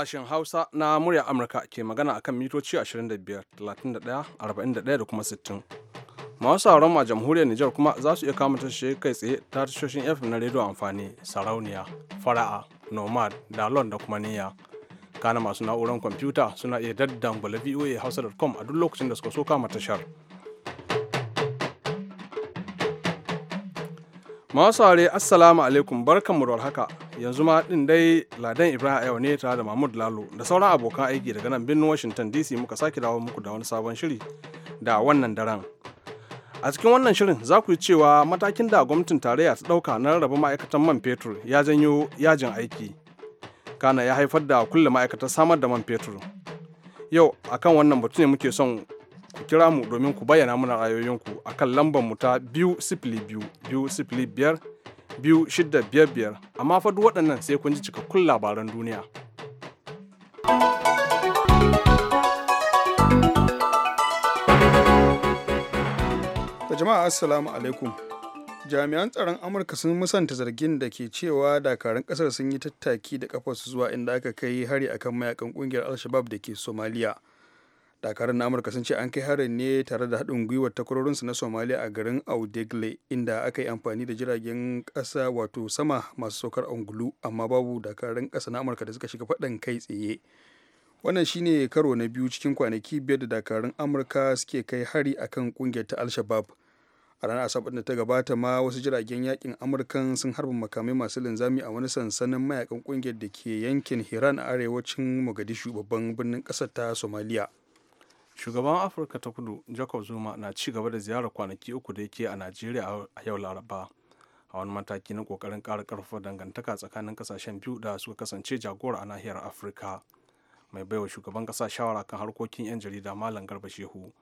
sashen Hausa na murya Amurka ke magana akan mitoci 25, 31, da kuma 60. Masu sauran a jamhuriyar Nijar kuma za su iya kama tashe kai tsaye ta tashoshin FM na rediyo amfani, sarauniya, fara'a, nomad, dalon da kuma niyya. Kana masu na'urar kwamfuta suna iya daddambala voa hausa.com a duk lokacin da suka so kama tashar. Masu are assalamu alaikum barkan mu da haka yanzu ma din dai ladan Ibrahim yau ne tare da Mahmud Lalo da sauran abokan aiki daga nan birnin Washington DC muka sake dawo muku da wani sabon shiri da wannan daren. A cikin wannan shirin za ku yi cewa matakin da gwamnatin tarayya ta ɗauka na rarraba ma'aikatan man fetur ya janyo yajin aiki. Kana ya haifar da kulle ma'aikatar samar da man fetur. Yau akan wannan batu ne muke son ku kira mu domin ku bayyana mana ra'ayoyinku a kan lambar mu ta biyu sifili biyu biyu sifili biyar biyu shidda biyar biyar amma fa duk waɗannan sai kun ji cikakkun labaran duniya. jama'a assalamu alaikum jami'an tsaron amurka sun musanta zargin da ke cewa dakarun kasar sun yi tattaki da kafarsu zuwa inda aka kai hari akan mayakan kungiyar al-shabab da ke somaliya dakarun na amurka sun ce an kai harin ne tare da haɗin gwiwar takwarorinsu na somalia a garin audegle inda aka yi amfani da jiragen ƙasa wato sama masu saukar angulu amma babu dakarun ƙasa na amurka da suka shiga faɗan kai tsaye wannan shine karo na biyu cikin kwanaki biyar da dakarun amurka suke kai hari akan kungiyar ta alshabab a ranar asabar da ta gabata ma wasu jiragen yakin amurkan sun harba makamai masu linzami a wani sansanin mayakan kungiyar da ke yankin hiran a arewacin mogadishu babban birnin ƙasar ta somalia. shugaban afirka ta kudu jacob zuma na ci gaba da ziyarar kwanaki uku da yake a najeriya a yau laraba a wani mataki na kokarin kara karfafa dangantaka tsakanin kasashen biyu da suka kasance jagora a nahiyar afirka mai baiwa shugaban kasa shawara kan harkokin 'yan jarida malam garba shehu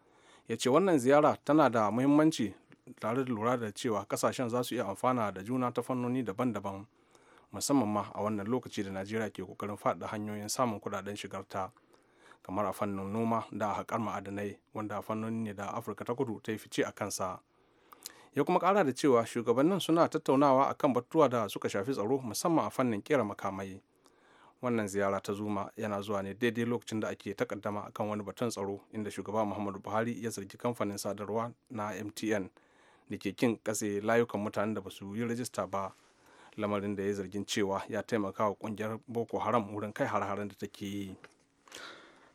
ya ce wannan ziyara tana da muhimmanci tare da lura da cewa kasashen za su iya amfana da juna ta fannoni daban-daban musamman ma a wannan lokaci da najeriya ke kokarin faɗa hanyoyin samun kuɗaɗen shigarta. ta kamar a fannin noma da a haƙar ma'adanai wanda a fannoni ne da afirka ta kudu ta yi fice a kansa ya kuma kara da cewa shugabannin suna tattaunawa a kan batutuwa da suka shafi tsaro musamman a fannin kera makamai wannan ziyara ta zuma yana zuwa ne daidai lokacin da ake takaddama akan wani batun tsaro inda shugaba muhammadu buhari ya zargi kamfanin sadarwa na mtn da ke kin katse layukan mutanen da ba su yi rajista ba lamarin da ya zargin cewa ya taimaka wa kungiyar boko haram wurin kai har-haren da take yi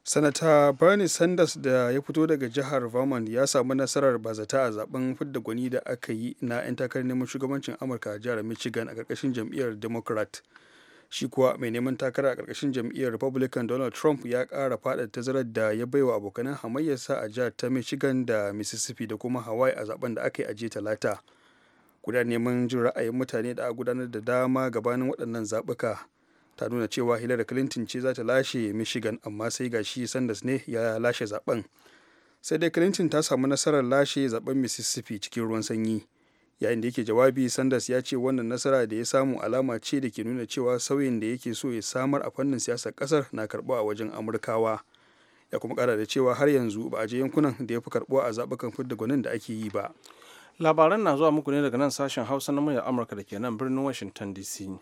sanata bernie sanders da ya fito daga jihar vermont ya samu nasarar bazata a zaben fidda gwani da aka yi na 'yan takarar neman shugabancin amurka a jihar michigan a karkashin jam'iyyar democrat shi kuwa mai neman takara a karkashin jam'iyyar republican donald trump ya kara fada tazarar da ya baiwa abokanan hamayyarsa a jihar ta michigan da mississippi da kuma hawaii a zaben da aka yi a jiya talata gudanar neman jin ra'ayin mutane da a gudanar da dama gabanin waɗannan zaɓuka ta nuna cewa hillary clinton ce za ta lashe michigan amma sai ga shi sanders ne ya lashe zaben sai dai clinton ta samu nasarar lashe zaben mississippi cikin ruwan sanyi yayin da yake jawabi sanders ya ce wannan nasara da ya samu alama ce da ke nuna cewa sauyin da yake so ya samar a fannin siyasar kasar na karbuwa a wajen amurkawa ya kuma kara da cewa har yanzu ba a je yankunan da ya fi karbuwa a zaɓukan fidda gwanin da ake yi ba labaran na zuwa muku ne daga nan sashen hausa na murya amurka da ke nan birnin washington dc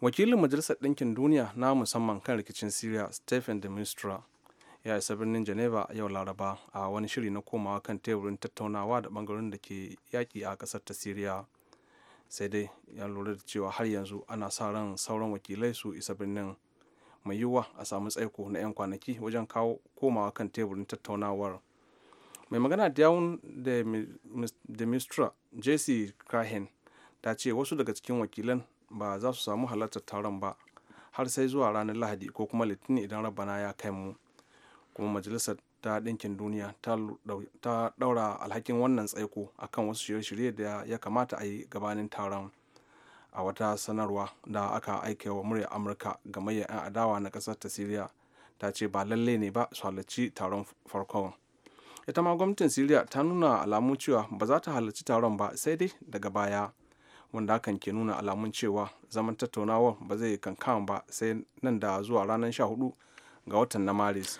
wakilin majalisar ɗinkin duniya na musamman kan rikicin syria stephen de mistra ya isa birnin geneva yau laraba a wani shiri na komawa kan teburin tattaunawa da bangaren da ke yaƙi a ƙasar ta syria sai dai ya lura da cewa har yanzu ana sa ran sauran wakilai su isa birnin mai yiwuwa a samu tsaiko na 'yan kwanaki wajen kawo komawa kan teburin tattaunawar mai magana da yawun da mistra jc crahen ta ce wasu daga cikin wakilan ba za su samu halartar taron ba har sai zuwa ranar lahadi ko kuma litinin idan rabana ya kai mu kuma majalisar ta ɗinkin duniya ta ɗaura alhakin wannan tsaiko akan wasu shirye-shirye da ya kamata a yi gabanin taron a wata sanarwa da aka aika wa murya amurka gamayyar 'yan adawa na ƙasar ta siriya ta ce ba lalle ne ba su halarci taron farkon ita ma gwamnatin siriya ta nuna alamu cewa ba za ta halarci taron ba sai dai daga baya wanda hakan ke nuna alamun cewa zaman tattaunawar ba zai kankan ba sai nan da zuwa ranar 14 ga watan na maris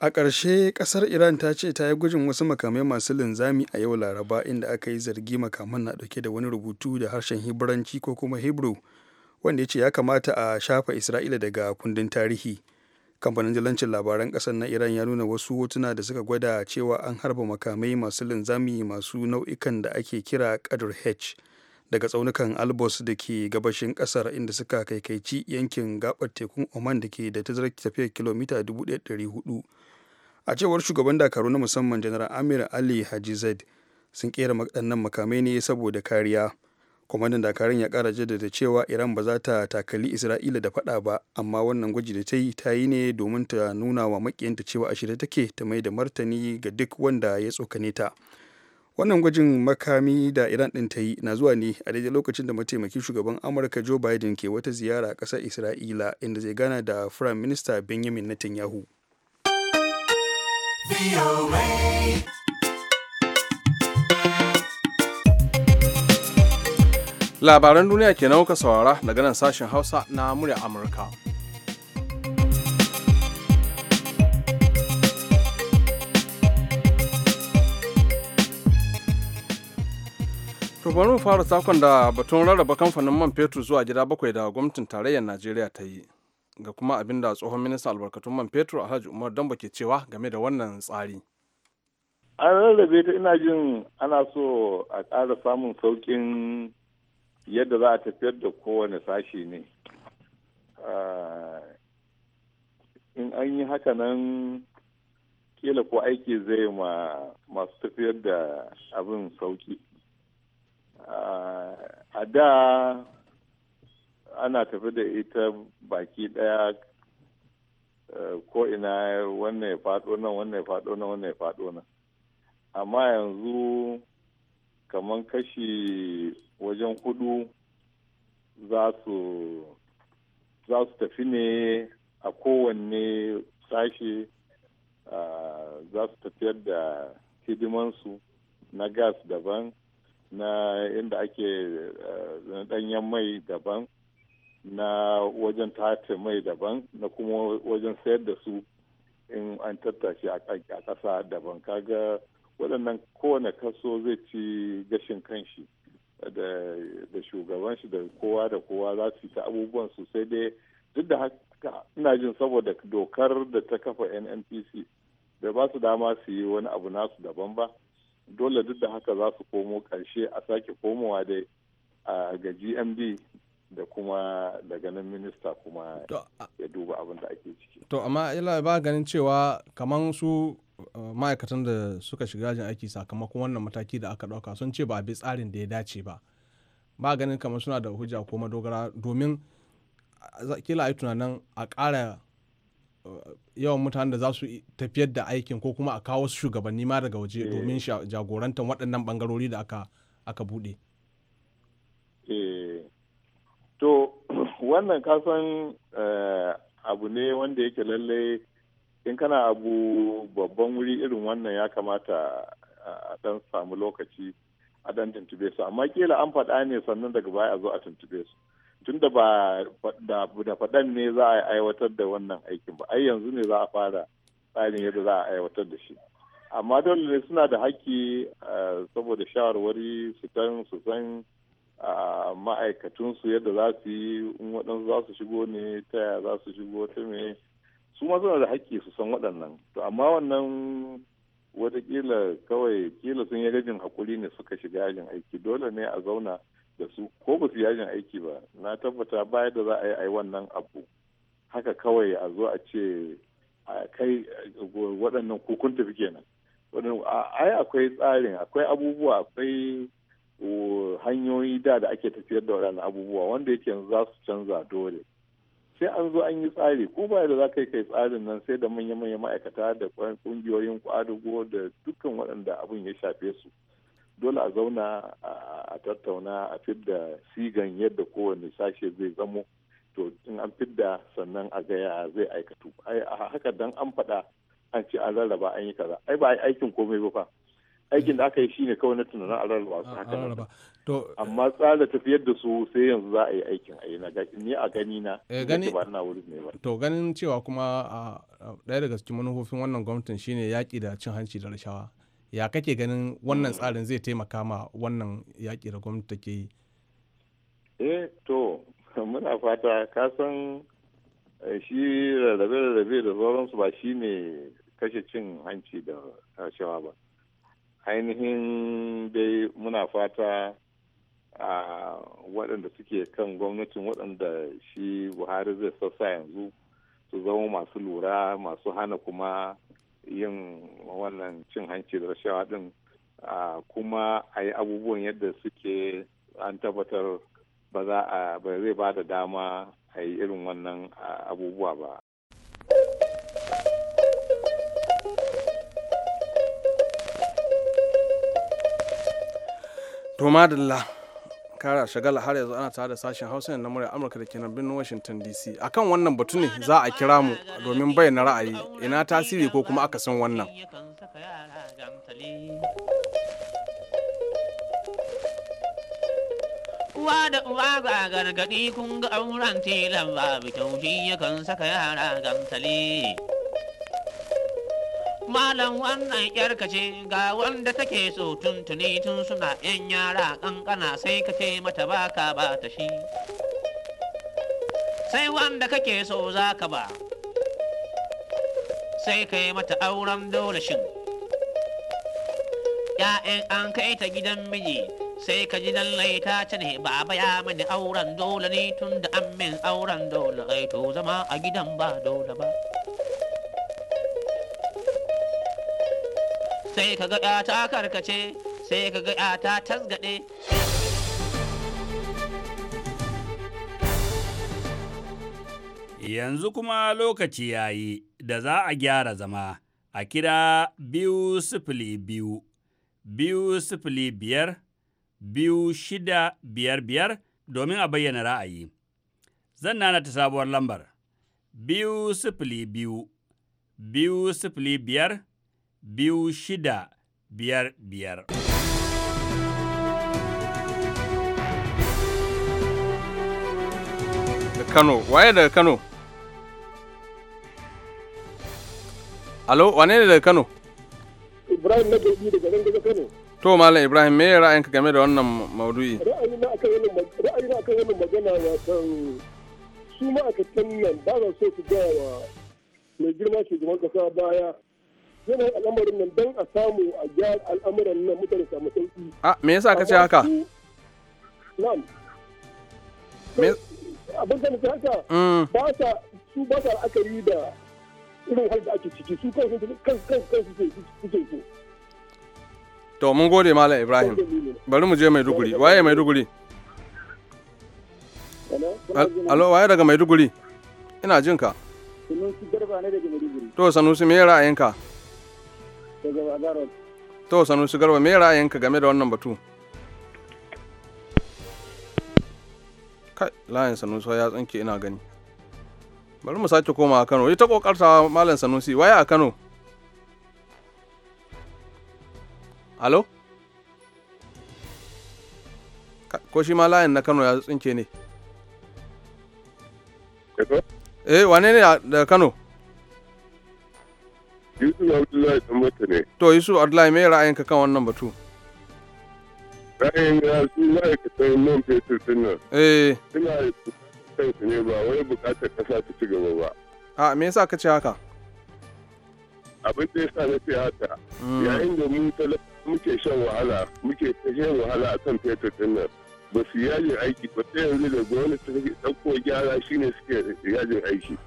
a ƙarshe ƙasar iran ta ce ta yi gujin wasu makamai masu linzami a yau laraba inda aka yi zargi makaman na ɗauke da wani rubutu da harshen hibiranci ko kuma hebrew wanda ya ce ya kamata a shafa isra'ila daga kundin tarihi kamfanin jalancin labaran ƙasar na iran ya nuna wasu hotuna da suka gwada cewa an harba makamai masu linzami masu nau'ikan da ake kira kadur h daga tsaunukan albos da ke gabashin kasar inda suka kaikaici yankin gabar tekun oman da ke da tazarar tafiyar kilomita 1400 a cewar shugaban dakaru na musamman janar amir ali haji zaid sun kera maɗannan makamai ne saboda kariya kwamandan dakarun ya kara jaddada cewa iran ba za ta takali isra'ila da fada ba amma wannan gwaji da ta yi ta yi ne domin ta nuna wa makiyanta cewa a take ta mai da martani ga duk wanda ya tsokane ta wannan gwajin makami da iran ɗin ta yi na zuwa ne a daidai lokacin da mataimakin shugaban amurka joe biden ke wata ziyara a ƙasar isra'ila inda zai gana da firayim minista benjamin netanyahu labaran duniya ke nauka saurara daga nan sashen hausa na murya amurka to mu fara sakon da batun rarraba kamfanin man fetur zuwa gida bakwai da gwamnatin tarayyar najeriya ta yi ga kuma abin da tsohon ministan albarkatun man fetur alhaji umar damba ke cewa game da wannan tsari an rarrabe ta ina jin ana so a ƙara samun sauƙin yadda za a tafiyar da kowane sashi ne ah, in an yi haka nan kila ko aiki zai ma masu tafiyar da abin sauki a da ana tafi da ita baki ɗaya eh, ko ina wannan ya faɗo nan wannan ya faɗo nan wannan ya faɗo nan amma yanzu kamar kashi wajen hudu za za su tafi ne a kowanne sashe eh, za su tafiyar da hidimansu na gas daban na inda ake eh, ɗanyen mai daban na wajen tace mai daban na kuma wajen sayar da su in an tattace a ƙasa daban kaga waɗannan kowane kaso zai ci gashin kanshi da shugaban shi da kowa da kowa za su ta abubuwan su sai dai duk da haka ina jin saboda dokar da ta kafa nnpc da ba su dama su yi wani abu nasu daban ba dole duk da haka za su komo karshe a sake komowa dai ga gmb da kuma daga nan minista kuma ya duba abin da ake ciki to amma ila ba ganin cewa kamar su uh, ma'aikatan da suka shiga yajin aiki sakamakon wannan mataki da aka ɗauka sun ce ba bi tsarin da ya dace ba ba ganin kamar suna da hujja ko madogara domin kila a yi tunanin a ƙara yawan mutanen da za su tafiyar da aikin ko kuma a kawo su shugabanni ma daga waje eh. domin jagorantar waɗannan bangarori da aka buɗe. Eh. to wannan kasan eh, abu ne wanda yake lallai in kana abu babban wuri irin wannan ya kamata a ɗan samu lokaci a ɗan tuntube su amma kila an faɗa ne sannan daga baya a zo a tuntube su tunda ba da ne za a aiwatar da wannan aikin ba ai yanzu ne za a fara tsarin yadda za a aiwatar da shi amma dole ne suna da haƙƙi eh, saboda shawarwari su kan su san ah, ma'aikatunsu yadda za su yi in waɗansu za su shigo ne ta yaya za su shigo ta me su ma suna da haƙƙi su san waɗannan to amma wannan wataƙila kawai kila sun yi gajin haƙuri ne suka shiga yajin aiki dole ne a zauna da su ko ba su yajin aiki ba na tabbata baya da za a yi wannan abu haka kawai a zo a ce a kai waɗannan kukun tafi kenan ai akwai tsarin akwai abubuwa akwai hanyoyi da da ake tafiyar da waɗannan abubuwa wanda yake yanzu za su canza dole sai an zo an yi tsari ko baya da za ka kai tsarin nan sai da manya-manya ma'aikata da ƙungiyoyin kwadugo da dukkan waɗanda abin ya shafe su dole a zauna a tattauna a fidda sigan yadda kowane sashe zai zamo to in an fidda sannan a gaya zai aikatu ai a haka dan an faɗa an ce an rarraba an yi kaza ai ba aikin komai ba fa aikin da aka yi shine kawai na tunanin a rarraba su haka amma tsara tafiyar da su sai yanzu za a yi aikin a yi na ni a gani na eh, gani ba na wuri ne ba to ganin cewa kuma a ɗaya daga cikin manufofin wannan gwamnatin shine yaƙi da cin hanci da rashawa ya kake ganin wannan mm. tsarin zai taimaka ma wannan yaƙi da gwamnati ke yi eh to muna fata ka san eh, shi rarrabe-rarrabe da sauransu ba shi ne kashe cin hanci da rashawa ba ainihin dai muna fata a waɗanda suke kan gwamnatin waɗanda shi buhari zai sassa yanzu su zama masu lura masu hana kuma yin wannan cin hanci da rashawa din kuma a yi abubuwan yadda suke an tabbatar ba za a ba zai ba da dama a yi irin wannan abubuwa ba to madalla kara shagala har yanzu ana tare da sashen hausa na murya amurka da kenan birnin washington dc akan wannan batu ne za a kira mu domin bayyana ra'ayi ina tasiri ko kuma aka san wannan uwa da uwa ba gargaɗi kun ga auren tilan babu yakan saka yara gantali. malam wannan yarka ce ga wanda take so tuntuni tun suna yan yara kankana sai ka mata baka ba ta shi sai wanda kake so zaka ka ba sai kai mata auren dole shin ‘ya'yan an kai ta gidan miji sai ka ji lallai ta ce ne baba ya mini auren dole ne tun da an min auren dole ai to zama a gidan ba dole ba. sai ka ga ta karkace sai ka ga ta tasgade yanzu kuma lokaci ya yi da za a gyara zama a kira biyu sifili biyu biyu sifili biyar biyu shida biyar biyar domin a bayyana ra'ayi zan nana ta sabuwar lambar biyu sifili biyu biyu sifili biyar biyu shida biyar biyar. Kano, waye daga Kano? Alo, wane ne daga Kano? Ibrahim na Gaji daga nan daga Kano. To, Malam Ibrahim, me ra'ayinka game da wannan maudu'i? aka yi wannan magana kan su ma'aikatan nan ba za so su gawa wa mai girma shugaban kasa baya yanayin al'amarin nan don a samu a gyara al'amuran nan mutane samu sauki. A me yasa ka ce haka? Na'am. Abin da nufi haka mm. ba sa su ba sa la'akari da irin hal da ake ciki su kan kan kan su ce su ce su. To mun gode Malam Ibrahim. Bari mu je Maiduguri. Waye Maiduguri? Alo waye daga Maiduguri? Ina jinka. Sanusi Garba ne daga Maiduguri. To Sanusi me ra'ayinka? To sanu su Sanusi Garba me ra'ayinka game da wannan batu? Kai layin Sanusi ya tsinke ina gani. Bari mu sake koma a Kano. Ita kokarta Malam Sanusi waye a Kano? Alo? Ko shi ma layin na Kano ya tsinke ne? Eh wane ne da Kano? Yusuf Abdullahi Ɗanbata ne. To Yusuf Abdullahi me ra'ayinka kan wannan batu? Ra'ayin ya su ma'aikatan man fetur din nan. Eh. Suna su ne ba wai buƙatar ƙasa ta ci gaba ba. A me yasa ka ce haka? Abin da yasa na ce haka. Hmm. Yayin da mu muke shan wahala muke ta shan wahala a kan fetur din nan. Ba su yaje aiki ba ta yanzu da gwamnati take ɗauko gyara shine suke yajin aiki.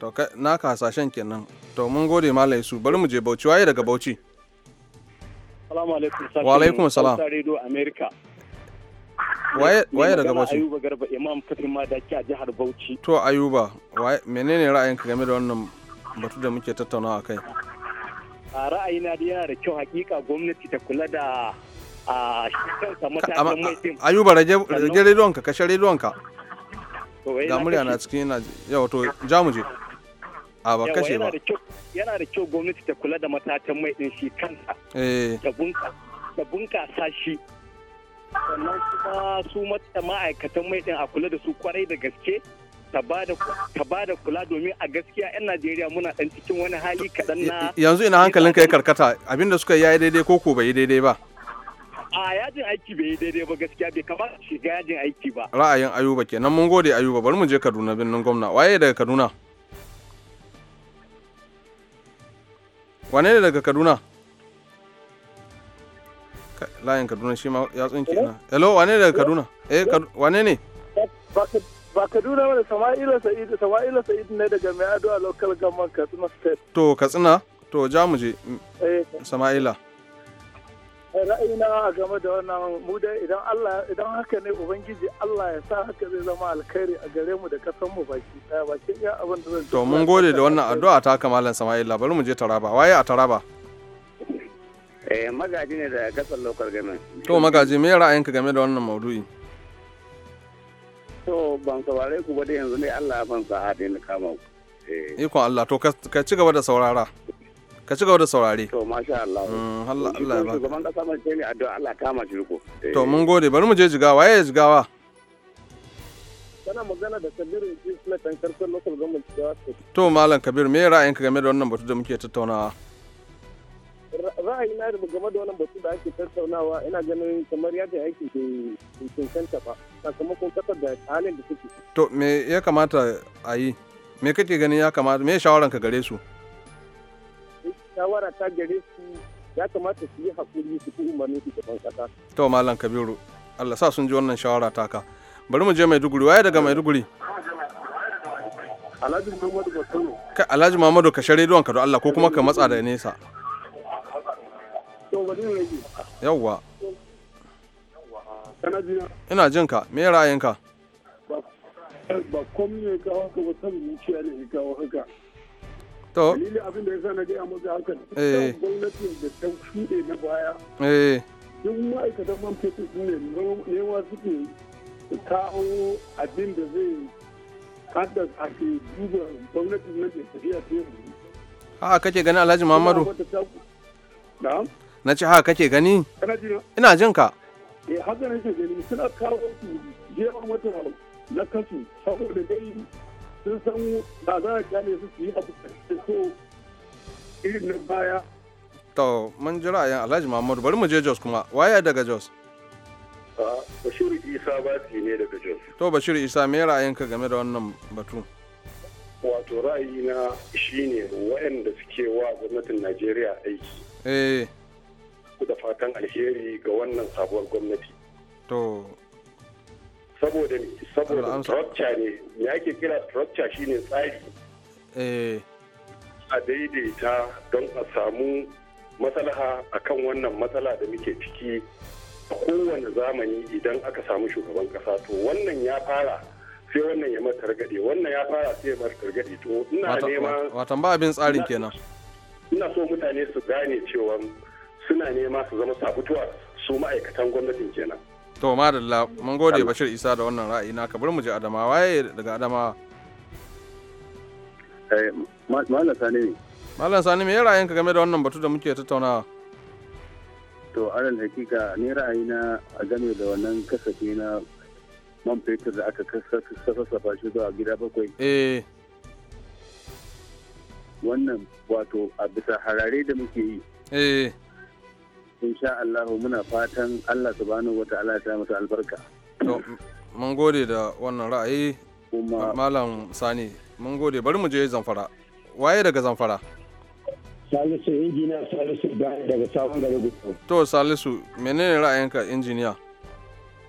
To na kasashen kenan to mun gode malam su bari mu je bauchi waye daga bauchi salamu alaikum wa alaikum salam radio america waye waye daga bauchi ayuba garba imam a jihar bauchi to ayuba waye menene ra'ayinka game da wannan batu da muke tattaunawa kai a ra'ayina da yana da kyau hakika gwamnati ta kula da ayuba rage redonka kashe redonka eh, ga murya na cikin yana jamuje. a ba kashe ba yana da kyau gwamnati ta kula da matatan mai din shi kansa da eh. bunkasa shi sannan kuma su matsa ma'aikatan mai din a kula da su kwarai da gaske ta ba da kula domin a gaskiya 'yan najeriya muna dan cikin wani hali kaɗan na yanzu ina hankalinka ya karkata abinda suka yi daidai ko ko bai daidai ba a yajin aiki bai daidai ba gaskiya bai kamata shiga yajin aiki ba ra'ayin ayuba kenan mun gode ayuba bari mu je kaduna birnin gwamna waye daga kaduna wane ne daga kaduna layin kaduna shi ma ya tsinke na hello wane ne daga kaduna eh wane ne ba kaduna wani sama'ila sa'id sama'ila sa'id ne daga mai ado a local government katsina state to katsina to ja mu je eh. sama'ila ra'ayina a game da wannan mu dai idan Allah idan haka ne ubangiji Allah ya sa haka zai zama alkhairi a gare mu da kasan mu baki daya ba ke iya abin da zan to mun gode da wannan addu'a ta kamalan Sama'ila bari mu je Taraba waye a Taraba eh magaji ne da kasan lokar gamen to magaji me ra'ayinka game da wannan maudu'i to ban saurare ku ba da yanzu ne Allah ya ban sa'a da kama ku eh. ikon Allah to ka ci gaba da saurara ka ci gaba da saurare to masha Allah mm, Allah Allah ya baka. Gaban kasa mai sai ne addu'a Allah ka ma ko eh. to mun gode bari mu je jigawa ya jigawa kana magana da Kabir Kabiru Ismail Tankarkar local government jigawa to malam Kabir me ra'ayinka game da wannan batu da muke tattaunawa ra'ayina game da wannan batu da ake tattaunawa ina ganin kamar ya aiki ke cancanta ba sakamakon kasar da halin da suke. To me ya kamata a yi? Me kake ganin ya kamata? Me shawaranka gare su? shawara ta gare su ya kamata su yi hakuri su fi su shugaban kasa. To Malam Kabiru, Allah sa sun ji wannan shawara taka. Bari mu je Maiduguri, waye daga Maiduguri? Alhaji Muhammadu Bakano. Kai Alhaji Muhammadu ka share ka don Allah ko kuma ka matsa da nesa. Yawwa. Ina jin ka, me ra'ayinka? Ba komai ne kawo ka ba san zuciya ne kawo haka. to dalilin abin da ya sa na je a da haka eh gwamnati da ta shuɗe na baya eh duk ma'aikatan man fetur ne newa suke kawo abin da zai haddasa ake duba gwamnatin na ke tafiya ta yanzu haka kake gani alhaji muhammadu na ce haka kake gani ina jin ka eh haka nake gani suna kawo su jiya mata na kasu saboda dai sun san ba za a kyale su su yi abu so irin na baya. To, mun ji ra'ayin Alhaji Muhammadu bari mu je Jos kuma, waya daga Jos? Bashir Isa Bati ne daga Jos. To, Bashir Isa, me ra'ayinka game da wannan batu? Wato ra'ayina shine waɗanda suke wa gwamnatin Najeriya aiki. Eh. Da fatan alheri ga wannan sabuwar gwamnati. To, saboda saboda structure ne me ake kira structure shine tsari eh. a daidaita don a samu matsalaha akan wannan matsala da muke ciki a kowane zamani idan aka samu shugaban kasa to wannan ya fara sai wannan ya mata targade wannan ya fara sai ya mata targade to ina nema watan ba abin tsarin kenan ina so mutane su gane cewa suna nema su zama sabutuwa su ma'aikatan gwamnatin kenan to madalla mun gode bashir isa da wannan ra'ayi naka bari mu je adamawa waye daga adama. Eh, malam sani ne malam sani me ka game da wannan batu da muke tattaunawa to alal hakika ni na a game da wannan kasafi na man fetur da aka kasafa shi zuwa gida bakwai eh wannan wato a bisa harare da muke yi eh insha Allah muna fatan Allah subhanahu wata'ala ta masa albarka to mun gode da wannan ra'ayi malam sani mun gode bari mu je zamfara waye daga zamfara salisu injiniya salisu daga sabon gari gudu to salisu menene ra'ayinka injiniya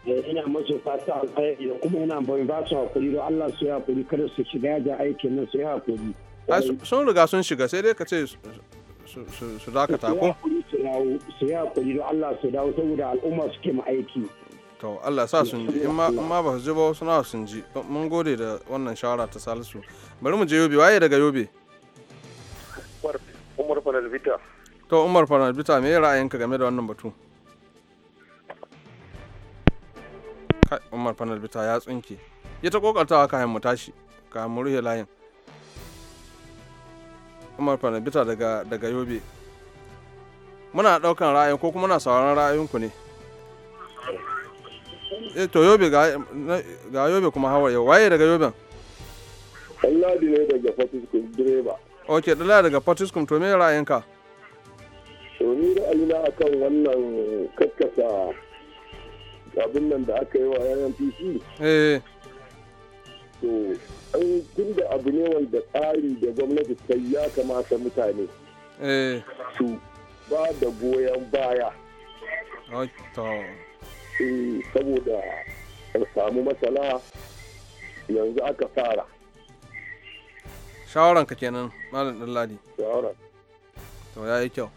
eh, ina masu fata alkhairi da kuma ina bai ba su hakuri don Allah su ya hakuri kada su shiga da aikin nan su yi hakuri sun riga sun shiga sai dai ka ce su dakata ko dawo su yi hakuri don Allah su dawo saboda al'umma suke mu aiki to Allah sa sun ji in ma ba su ji ba wasu nawa sun ji mun gode da wannan shawara ta Salisu bari mu je Yobe waye daga Yobe Umar Fanalbita to Umar Fanalbita me ra'ayinka game da wannan batu Umar Fanalbita ya tsinke ya ta kokartawa kayan mu tashi kayan mu ruhe layin Umar Fanalbita daga daga Yobe muna daukan ra'ayin ko kuma muna sauraron ra'ayinku ne e to yobe ga yobe kuma hawa yau waye daga yobe Allah ne daga fatiskum direba ok ɗanladi daga fatiskum to me ra'ayinka to ni ra'ayina akan wannan kakkasa abin nan da aka yi wa yayan pc eh to an tunda abu ne wanda tsari da gwamnati ta ya kamata mutane eh. su ba da goyon baya eh, saboda in samu matsala yanzu aka fara shawaranka kenan malam ɗanladi shawaran to ya yi kyau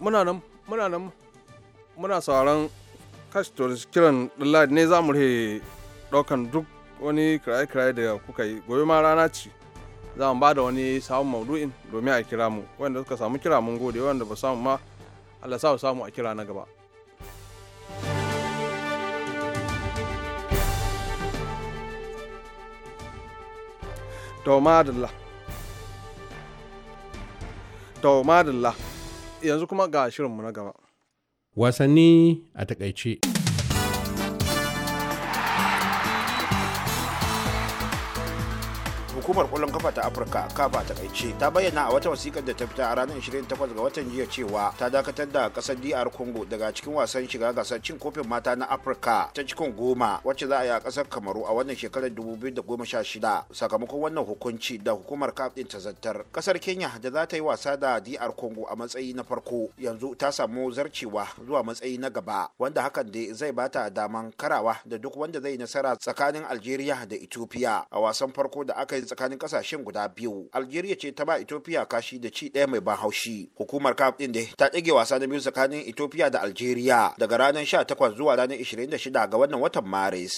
muna nan muna nan muna sauran kashi to kiran ɗanladi ne za mu ɗaukan duk wani kiraye-kiraye da kuka yi gobe ma rana ce za mu ba da wani samun maudu'in domin a kira mu wanda suka samu kira mun gode wanda ba samu ma Allah sa samu a kira na gaba to yanzu kuma ga shirinmu na gaba wasanni a takaice hukumar kwallon kafa ta afirka kafa ta kaice ta bayyana a wata wasikar da ta fita a ranar 28 ga watan jiya cewa ta dakatar da kasar dr congo daga cikin wasan shiga gasar cin kofin mata na afirka ta cikin goma wacce za a yi a kasar kamaru a wannan shekarar 2016 sakamakon wannan hukunci da hukumar kaf din ta zartar kasar kenya da za ta yi wasa da dr congo a matsayi na farko yanzu ta samu zarcewa zuwa matsayi na gaba wanda hakan da zai bata daman karawa da duk wanda zai yi nasara tsakanin algeria da ethiopia a wasan farko da aka yi tsakanin kasashen guda biyu algeria ce ta ba ethiopia kashi da ci ɗaya mai ban haushi hukumar caf din da ta ɗage wasa na biyu tsakanin ethiopia da algeria daga ranar 18 zuwa ranar 26 ga wannan watan maris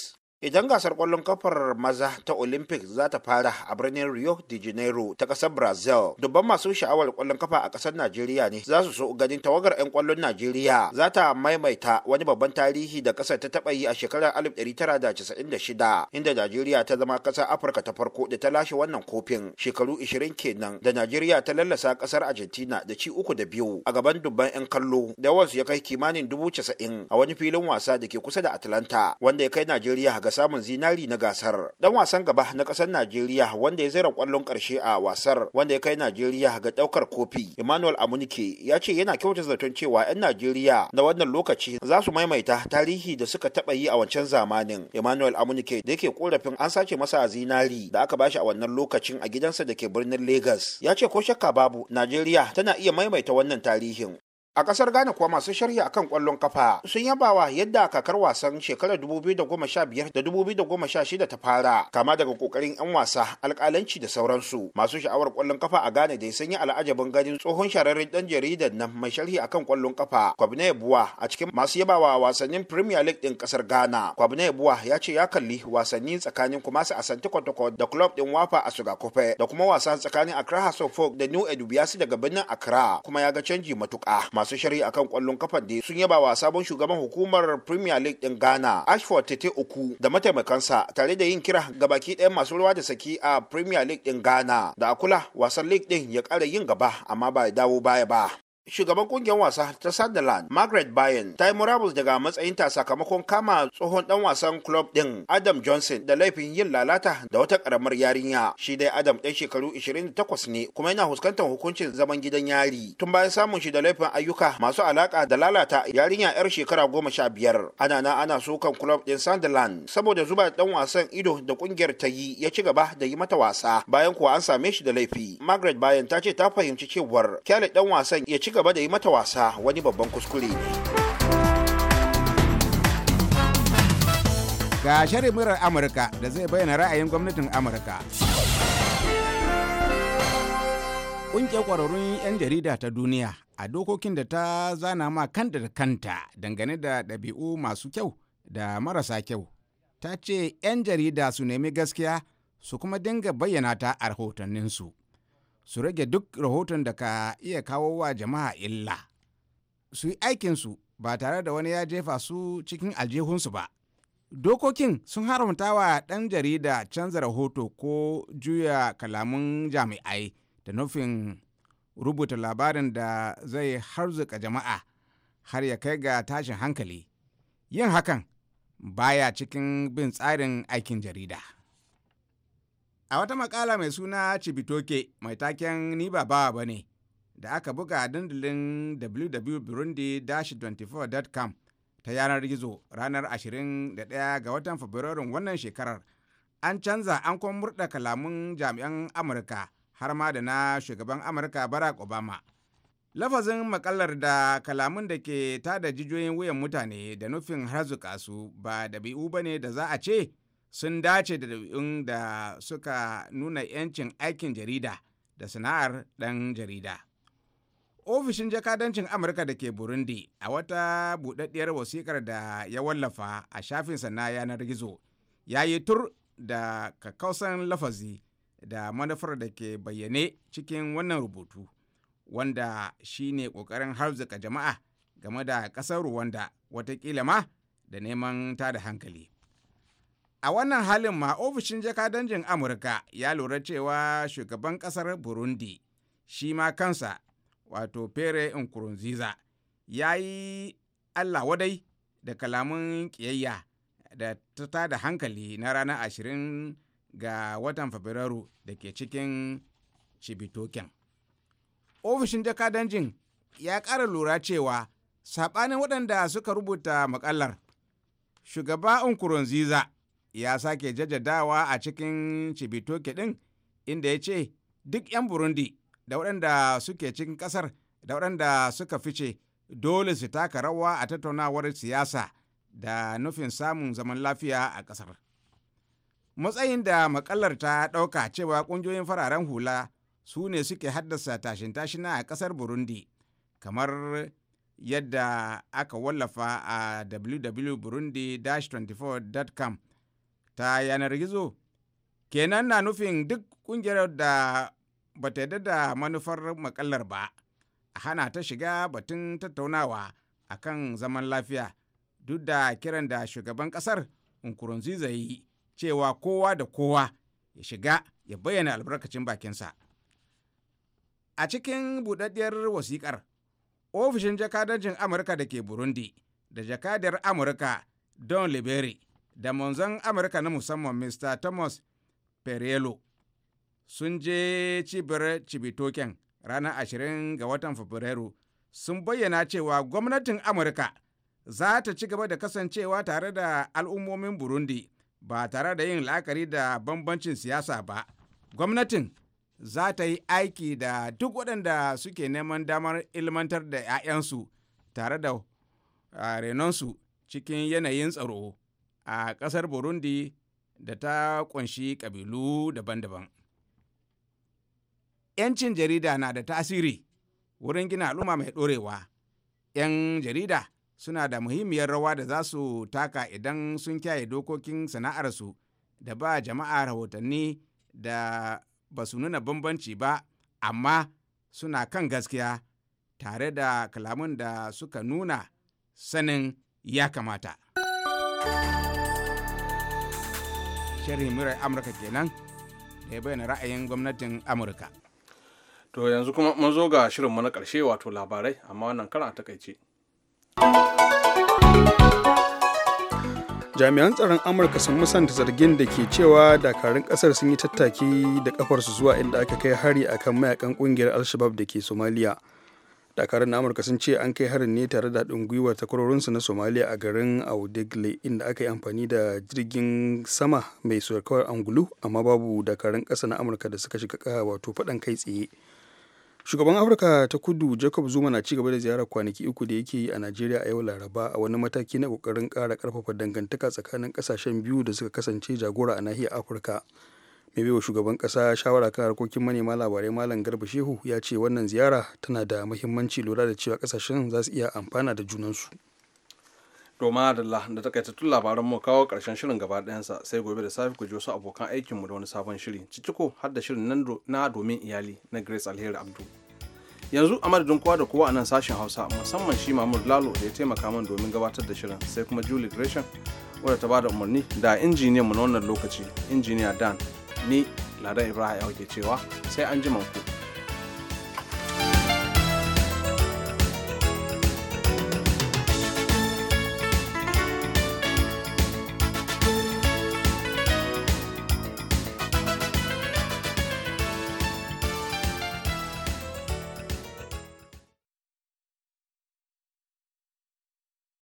idan gasar kwallon kafar maza ta olympic za ta fara a birnin rio de janeiro ta kasar brazil dubban masu sha'awar kwallon kafa a kasar najeriya ne za su so ganin tawagar 'yan kwallon najeriya za ta maimaita wani babban tarihi da kasar ta taba yi a shekarar 1996 inda najeriya ta zama kasar afirka ta farko da ta lashe wannan kofin shekaru 20 kenan da najeriya ta lallasa kasar argentina da ci uku da biyu a gaban dubban 'yan kallo da yawansu ya kai kimanin dubu casa'in a wani filin wasa da ke kusa da atlanta wanda ya kai najeriya ga samun zinari na gasar. Dan wasan gaba na ƙasar Najeriya wanda ya zira kwallon karshe a wasar wanda ya kai Najeriya ga ɗaukar kofi. Emmanuel Amunike ya ce yana kyauta zaton cewa 'yan Najeriya na wannan lokaci za su maimaita tarihi da suka taɓa yi a wancan zamanin. Emmanuel Amunike da yake korafin an sace masa a zinari da aka bashi a wannan lokacin a gidansa da ke birnin Legas. Ya ce ko shakka babu Najeriya tana iya maimaita wannan tarihin. A kasar Ghana kuwa masu sharhi akan kwallon kafa sun yabawa yadda kakar wasan shekarar 2015 da 2016 ta fara kama daga kokarin 'yan wasa alkalanci da sauransu. Masu sha'awar kwallon kafa a Ghana dai sun yi al'ajabin ganin tsohon shararren dan jaridar nan mai sharhi akan kwallon kafa Kwabna Yabuwa a cikin masu yabawa wasannin Premier League din kasar Ghana. Kwabna Yabuwa ya ce ya kalli wasanni tsakanin Kumasi Asante Kotoko da club din Wafa a kofe da kuma wasa tsakanin Accra House da New Edubiasi daga birnin Accra kuma ya ga canji matuƙa. masu shari akan kwallon kafa da sun yaba wa sabon shugaban hukumar premier league din ghana ashford tete uku da mataimakansa tare da yin kira ga baki ɗayan masu ruwa da saki a premier league din ghana da akula wasan league din ya ƙara yin gaba amma ba ya dawo baya ba Shugaban kungiyar wasa ta Sunderland, Margaret Bayern ta yi murabus daga matsayinta sakamakon kama tsohon dan wasan club din Adam Johnson da laifin yin lalata da wata karamar yarinya. Shi dai Adam dan shekaru 28 ne kuma yana fuskantar hukuncin zaman gidan yari. Tun bayan samun shi da laifin ayyuka masu alaka da lalata yarinya 'yar shekara goma sha biyar. Ana na ana sukan club din Sunderland saboda zuba dan wasan ido da kungiyar ta yi ya ci gaba da yi mata wasa bayan kuwa an same shi da laifi. Margaret Bayan ta ce ta fahimci cewar kyale dan wasan ya ci gaba da yi mata wasa wani babban kuskure ne ga shari'a murar amurka da zai bayyana ra'ayin gwamnatin amurka ƙungiyar ƙwararrun 'yan jarida ta duniya a dokokin da ta zana ma kanta da kanta dangane da ɗabi'u masu kyau da marasa kyau ta ce 'yan jarida su nemi gaskiya su kuma dinga bayyana ta a rahotanninsu su rage duk rahoton da ka iya kawo wa jama'a illa su yi aikinsu ba tare da wani ya jefa su cikin aljihunsu ba dokokin sun haramta wa ɗan jarida canza rahoto ko juya kalamun jami'ai da nufin rubuta labarin da zai harzuka jama'a har ya kai ga tashin hankali yin hakan baya cikin bin tsarin aikin jarida. A wata makala mai suna Cibitoke mai taken ni ba bawa ba ne da aka buga a dandalin www.burundi-24.com ta yanar gizo ranar 21 ga watan Fabrairun wannan shekarar. An canza an kuma murda kalamun jami'an Amurka har ma da na shugaban Amurka Barack Obama. Lafazin makalar da kalamun da ke tada jijiyoyin wuyan mutane da nufin harzuka su ba dabi'u ba ne da za a ce sun dace da ɗabi'un da suka nuna 'yancin aikin jarida da sana'ar ɗan jarida. Ofishin jakadancin Amurka da ke Burundi a wata buɗaɗɗiyar wasikar da ya wallafa a shafinsa na yanar gizo ya yi tur da kakausan lafazi da manufar da ke bayyane cikin wannan rubutu wanda shi ne ƙoƙarin harzuka jama'a game da ƙasar Rwanda watakila ma da neman tada hankali. a wannan halin ma ofishin jakadanjin amurka ya lura cewa shugaban ƙasar burundi shi ma kansa wato pere nkurunziza ya yi allah wadai da kalamun ƙiyayya da ta tada hankali na ranar ashirin ga watan fabrairu da ke cikin cibitoken ofishin jakadanjin ya ƙara lura cewa saɓanin waɗanda suka rubuta makallar shugaba nkurunziza ya sake jajadawa a cikin cibitoke ɗin inda ya ce duk 'yan burundi da waɗanda suke cikin ƙasar da waɗanda suka fice dole su taka rawa a tattaunawar siyasa da nufin samun zaman lafiya a ƙasar matsayin da makallar ta ɗauka cewa ƙungiyoyin fararen hula su ne suke haddasa tashin tashina a ƙasar burundi kamar yadda aka wallafa a www.burundi-24.com ta yanar gizo kenan na nufin duk kungiyar da ba ta yadda da manufar makallar ba a hana ta shiga batun tattaunawa a kan zaman lafiya duk da kiran da shugaban kasar nkurunziza yi cewa kowa da kowa ya shiga ya bayyana albarkacin bakinsa a cikin budaddiyar wasiƙar ofishin jakadajin amurka da ke burundi da jakadiyar amurka don liberi da manzon amurka na musamman mr thomas perello sun je cibiyar cibitoken ranar ashirin ga watan fabrairu sun bayyana cewa gwamnatin amurka za ta ci gaba da kasancewa tare da al'ummomin burundi ba tare da yin la'akari da bambancin siyasa ba gwamnatin za ta yi aiki da duk waɗanda suke neman damar ilmantar da 'ya'yansu tare da ah, renonsu cikin yanayin tsaro a ƙasar burundi da ta ƙunshi ƙabilu daban-daban yancin jarida na da tasiri wurin gina al'umma mai ɗorewa 'yan jarida suna da muhimmiyar rawa da za su taka idan sun kyaye dokokin sana'arsu da ba jama'a rahotanni da ba su nuna bambanci ba amma suna kan gaskiya tare da kalamun da suka nuna sanin ya kamata. sharhin murar amurka kenan da ya bayyana ra'ayin gwamnatin amurka to yanzu kuma mun zo ga shirinmu na karshe wato labarai amma wannan kar a takaice jami'an tsaron amurka sun musanta zargin da ke cewa dakarun kasar sun yi tattaki da kafarsu zuwa inda aka kai hari akan mayakan kungiyar al da ke somaliya dakarun na amurka sun ce an kai harin ne tare da haɗin gwiwar takwarorinsu na somaliya a garin audegle inda aka yi amfani da jirgin sama mai surkawar angulu amma babu dakarun ƙasa na amurka da suka shiga wato faɗan kai tsaye shugaban afirka ta kudu jacob zuma na cigaba da ziyarar kwanaki uku da yake yi a najeriya a yau laraba a wani mataki na kokarin kara karfafa dangantaka tsakanin kasashen biyu da suka kasance jagora a nahiyar afirka mai baiwa shugaban kasa shawara kan harkokin manema labarai malam garba shehu ya ce wannan ziyara tana da muhimmanci lura da cewa kasashen za su iya amfana da junansu doma adalla da takaitattun labaran mu kawo karshen shirin gaba sa sai gobe da safi ku ji wasu abokan mu da wani sabon shiri ciciko har da shirin nan na domin iyali na grace alheri abdu yanzu a madadin kowa da kowa a nan sashen hausa musamman shi mahmud lalo da ya taimaka min domin gabatar da shirin sai kuma julie gresham wadda ta bada umarni da injiniyan mu na wannan lokaci injiniya dan ni ladan ibrahim ke cewa sai an ji ku.